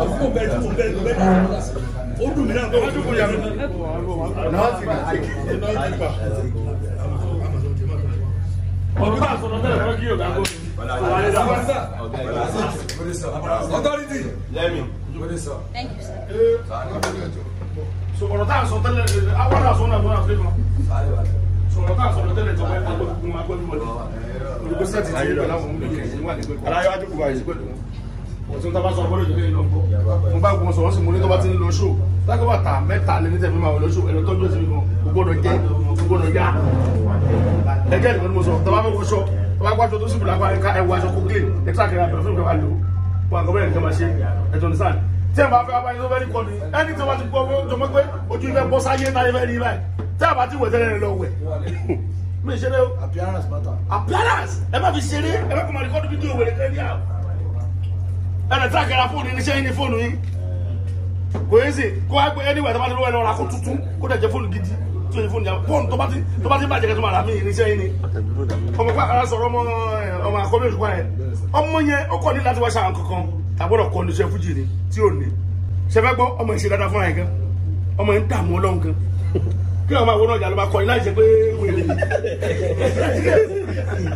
àdúgbò bẹ̀rẹ̀ tó bẹ̀rẹ̀ tó bẹ̀rẹ̀ ó dùn mí náà tó dùn mí náà. ọ̀gá àsọ̀rọ̀ bẹ́ẹ̀ fẹ́ kí ọ̀gá gómìnà. Authority. Lẹ́mi. Thank you, sir. So ọ̀rọ̀ tá a sọ tẹ́lẹ̀ àwọn àṣọ náà lọ́nà fún mi. So ọ̀rọ̀ tá a sọ tẹ́lẹ̀ tó bá ẹgbẹ́ gbogbo agbẹ́bí wọlé. Olùgbésẹ̀ ti ti ìgbà láwọn ọmọ mi kẹ̀yìn wà nígbà. Aláyọ̀ ajé kò bá yìí tí wọ́n bá sọ ọgbọ́n lójú lẹ́yìn mo bá gbọ́n sọ wọ́n sì mú ní tó bá ti ń lọ ṣó lágbó bàtà mẹ́ta lè ní tẹ̀mí máa wọ lọ ṣó ẹ̀rọ tọ́jú ẹ̀sìn kan gbọ́dọ̀ jẹ́ gbọ́dọ̀ yá ẹgẹ́ ìgbọ́n mo sọ tọ́ba fẹ́ wọṣọ tọ́ba gbàjọ tó síbùlà pa ẹ̀ka ẹ̀wọ̀ aṣọ kókìlín ẹ̀ka kẹ̀kẹ́ àbẹ̀rẹ̀ fún ìkẹwàá lò wọn àgọ́ bẹ́ẹ̀ nìkan máa ṣe ẹ̀jọ̀ ní sáà tí ẹ bá fẹ́ abáyé tó fẹ́ ní kọ́ni ẹni tí wọ́n ti gbọ́ fún jọmọ́ pé ojú ìfẹ́ bọ́ sáyé náà ìfẹ́ ní báyìí tí a ti wẹ̀ tẹ́lẹ̀ lọ wẹ̀ mi ṣeré o appearance matter appearance ẹ má fi ṣeré ẹ má kọ́ máa rìkọ́dù fídíò wẹ̀rẹ̀ kẹ́ríà ẹ̀rẹ̀ tí a kẹ́ra fóònù yín níṣẹ́ yín ní fóònù yín kò yé sè kó wá gbé ẹni wẹ̀ tó bá ti lówó tuntun kó dẹ̀ jẹ́ fóònù gidi tó yẹ fóònù yà fóònù tó bá ti tó bá ti bàjẹ́ kẹ́tọ́ màrà mí níṣẹ́ yín ni ọmọ pa ara sọ̀rọ̀ ọmọ eh, ọmọ akọ́bí òṣùpá yẹn ọmọ yẹn ó kọ́ ní láti wá ṣàwọn kankan tàbọ̀dọ̀ kọ́ níṣẹ́ fújì ni tí ò ní ṣẹfẹ́ gbọ́ ọmọ ìṣe dáadáa kí wọn máa wọnà ìjà ló máa kọrin láì ṣe pé wèrè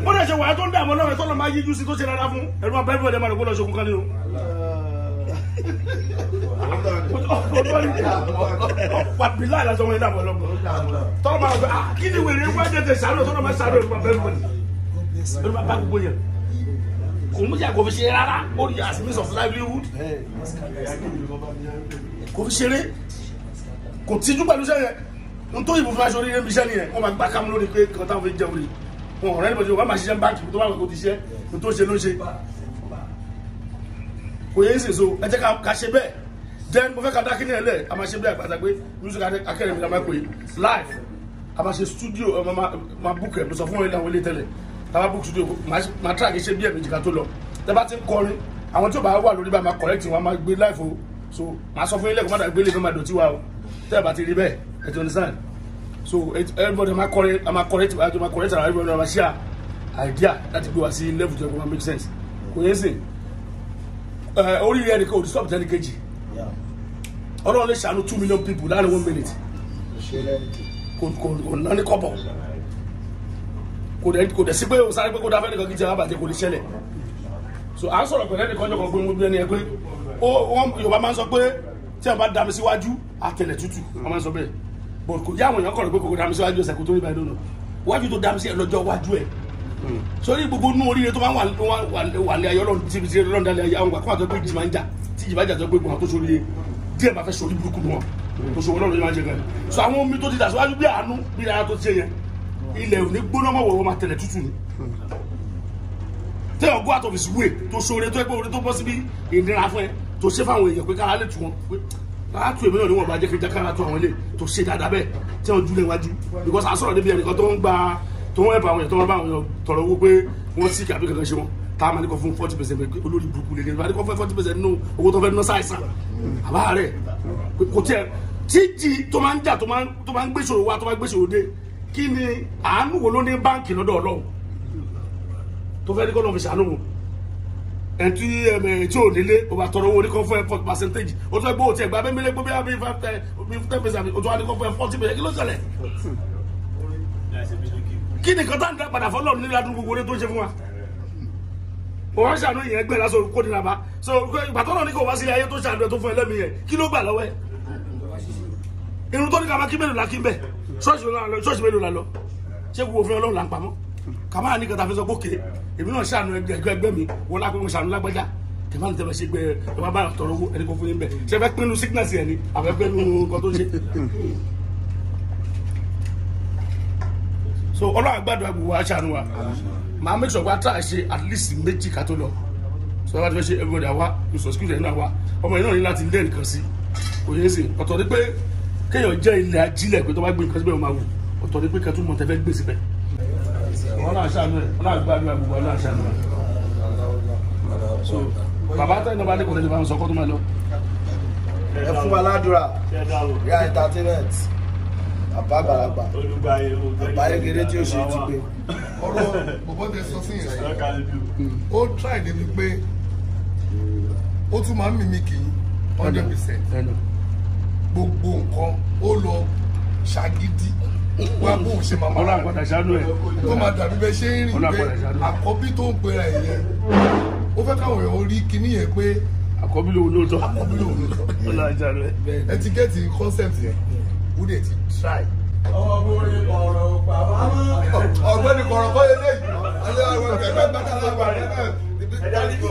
wọn dẹ̀ ṣe wàá tó ń dààmú ọlọ́run tọ́lọ́ máa yíjú sí tó ṣe rárá fún ẹ̀rọ máa bẹ́ẹ̀ bẹ́ẹ̀ máa gbọ́dọ̀ ṣokùn kan nínú. wàbílà ìlàjọ wọn dààmú ọlọ́run tọ́lọ́ máa gbà ah, kí ni wèrè wá tètè sàárò tọ́lọ́ máa sàárò ẹ̀rọ máa bẹ́ẹ̀ bẹ́ẹ̀ ẹ̀rọ máa bá gbogbo yẹn kò mú jà kò fi ṣe rárá ó rí as means of livelihood kò fi ṣeré kò tíjú pẹ̀lú sẹ́yìn n tó ìbò fún aṣọ orí irinbiṣẹ́ nìyẹn wọ́n máa gbà kámú lórí pé kàn táwọn fi jẹun rí wọn ọ̀rẹ́ nípa ìjọba máa ṣiṣẹ́ báńkì tó bá wọn kò ti ṣiṣẹ́ n tó ṣe ló ṣe kò yẹ ń sèso ẹ jẹ́ ká ṣe bẹ́ẹ̀ then mo fẹ́ ka dákínì ẹ̀ lẹ̀ a máa ṣe bẹ́ẹ̀ àgbàdà pé music academy la máa pè live a máa ṣe studio ẹ máa book ẹ mo sọ fún wọn ilé àwọn ilé tẹ́lẹ̀ tá a book studio máa track ṣe bí ẹ̀mí jìkà tó lọ tẹ́ bá ti ń kọrin àwọn tí ò bá wà lórí bá máa correct wọn máa gbé live o so máa sọ fún ilé ẹ̀kọ́ má dàgbé lè fẹ́ máa dọ̀tí wa o tẹ́ ẹ bá ti rí bẹ́ẹ̀ ẹ ti understand so everybody ma correct ma correct ma correct ara everybody ma share idea láti gbé wa sí level tó yẹ kó ma make sense kò yẹ sìn oríire ẹnìkan ò disturb tẹ́ni kejì ọlọ́run lè ṣàánú two million people láàrin one minute kò kò ná ní kọ́bọ̀ kò dẹ̀ kò dẹ̀ sí pé o sáré pé kó dáfẹ́ nìkan kí jẹ́ abàjẹ́ kò ní ṣẹlẹ̀ so à ń sọ̀rọ̀ pẹ̀lú ẹnìkan jọ̀kan gbé wọn bí ẹni ẹ pé ó wọn Yorùbá máa ń sọ pé tí wọn bá dá mi síwájú atẹlẹ tútù ọmọ sọ bẹ́ẹ̀ but kò yáwọn èèyàn kọ̀rọ̀ pé kòkòrò àmì síwájú ẹsẹ̀ kò tó rí báyìí lónà wájú tó dá mi sí ẹ lọ́jọ́ wájú ẹ̀ hmm. sórí gbogbo inú oríire tó máa ń wà ní ayọ́ lọ́n ti ti lọ́n dalẹ̀ àwọn àkọ́kọ́ àti ọgbẹ́ ìjì máa ń jà tí ìjì bá jà tó gbé gbọ́n tó sórí díẹ̀ bá fẹ́ sórí burúkú wọn hmm. tó sọ ọlọ́run yìí máa ń jẹ gan so àwọn omi tó ti dà síwájú bí àánú bí ara tó ti ṣe yẹn ilẹ̀ òní gbóná mọ̀ wọ̀wọ̀ máa tẹ̀lẹ̀ tútù ni tẹ́ ọgọ́ àtọ̀fìsì wúwe tó sóore tó ẹgbẹ́ orin tó bọ́ síbi ìnira fún ẹ tó ṣe fáwọn èèyàn pé kára lè tù wọn láàtú èmi náà ni wọn bá jẹ́ kí jákàrà tó àwọn ilé tó ṣe dáadáa bẹ́ẹ̀ tí wọ́n dúró iwájú because àsọ̀rọ̀ níbi ẹnìkan tó ń gba tó ń ẹ̀bà àwọn èèyàn tó ń bá àwọn èèyàn tọrọ owó pé wọ́n sì kàbí kankan ṣe wọn tá a máa ní kọ́ fún forty percent olórí burúkú lè ní kọ́ fún forty percent nínú owó tó fẹ́ ná sáìsàn àbá rẹ̀ kò tiẹ̀ títí tó máa ń jà tó máa ń gbèsòrò wá tó máa ń gbèsòrò dé kí ni àánú wo ló ní báǹkì lọ́dọ̀ ọlọ́run tó fẹ́ ní kọ́ lọ́ fi ṣàánú ẹtí ẹmẹ eh, tí ò nílé o bá tọrọ owó oníkan fún ẹ forty percentage o tún ẹ gbọ́ o tiẹ̀ gba bẹ́ẹ̀ mílẹ̀ gbọ́bí àbí five ten ten percent o tún wà níkan fún ẹ forty percent kí ló ṣẹlẹ̀. kí ni kọ́tà ń dá padà fọlọ́ọ̀nù nílẹ̀ adúgbò gbogbo tó ń ṣe fún wa. òun ṣàánú ìyẹn gbẹ lásán kó nira bá so ìgbà tọ́lọ̀ ní kò wá sílé ayé tó ṣàánú ẹ tó fún ẹ yẹn kí ló gbà lọ́wọ́ ẹ. irun tó ní kàmáà ní kẹta fẹsọ gbókè èmi náà ṣàánú ẹgbẹ́ ẹgbẹ́ mi wọn lápẹ mo ṣàánú lágbájá kẹmà ní tẹmẹ ṣe gbẹ ẹ má bá tọrọ owó ẹni kò fún yín bẹ ṣe fẹ́ pinnu sickness yẹn ni àfẹ pinnu nǹkan tó ṣe. so ọlọ́run gbàdúrà gbogbo wa ṣàánú wa màá make sure wa tá a ṣe at least méjì ká tó lọ so wá ti fẹ́ ṣe everybody àwa ìsọ̀sìkúṣe náà wa ọmọ yìí náà ní láti lé nǹkan sí òye sí ọ̀tọ̀ ni pé kéèyàn jẹ́ ilẹ̀ ajílẹ̀ pé tó bá gbé nǹkan síbẹ̀ ó máa wù ọ̀tọ̀ ni pé kẹ́tù mọ̀ tẹ́fẹ́ gbé síbẹ̀ ọlọ́run àṣàánú ẹ̀ ọlọ́run àgbàdúrà gbogbo ọlọ́run àṣàánú ẹ̀ so bàbá tẹ̀yìn bá dẹ́kun lẹ́yìn bá ń sọ kọ́tún máa lọ. ẹ fún wa ládùúrà rí entertainment bàbá àgbàlagbà bàbá ayégéré tí ó ṣe ti gbé. ọ̀rọ̀ bọ̀bọ̀ tẹ sọ sí yẹn ó tíráì débi pé ó tún máa ń mímí kì í hundred gbogbo nǹkan ṣàgídí wá bó ṣe màmá rà tó máa dàbí bẹ ṣe ń rìn pé àkọ́bí tó ń pera ẹ̀ yẹn ó fẹ́ káwọn èèyàn orí kíní yẹn pé àkọ́bí lòun ló tọ́ àkọ́bí lòun ló tọ́ ẹ ti gẹ́ẹ̀tì concept yẹn ó dẹ̀ ti try. ọmọbìnrin ọ̀rọ̀ pa wá. ọ̀gbẹ́ni kọ̀ọ̀rọ̀ kọ́ lélẹ̀ yìí ọjọ́ àwọn ẹgbẹ́ bàtà lágbà rẹ̀ ẹ̀dá nígbò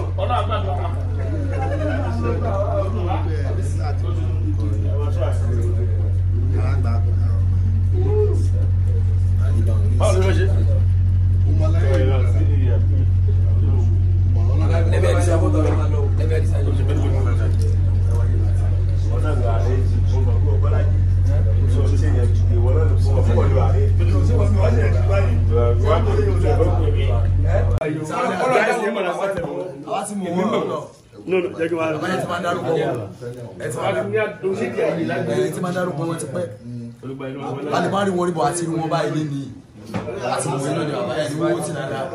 báwo ló ṣe. lẹ́bẹ̀ẹ́ di sábọ̀ Ẹ ti máa wọn. ti máa alùpàá rí wọn rí bọ̀ àti rí wọn báyìí lé ní àti wọn náà ní bàbá yẹn ní ti dáadáa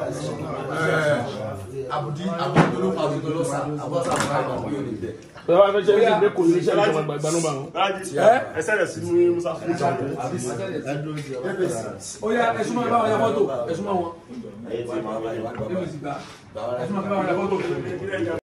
àbùdí eh, àbùdí ló pa àbùdí lọ́sà àbọ̀sà àbúrò àgbà wọ́n yóò ṣe ṣe kò ní iṣẹ́ láti gbàgbà gbà nùbà Ẹsẹ̀ rẹ̀ sí ní Musa fún ìjà tó. Ó yá ẹ̀sùn máa bá wọn ya fọ́tò ẹ̀sùn máa wọn. Ẹ̀sùn máa bá wọn ya fọ́tò.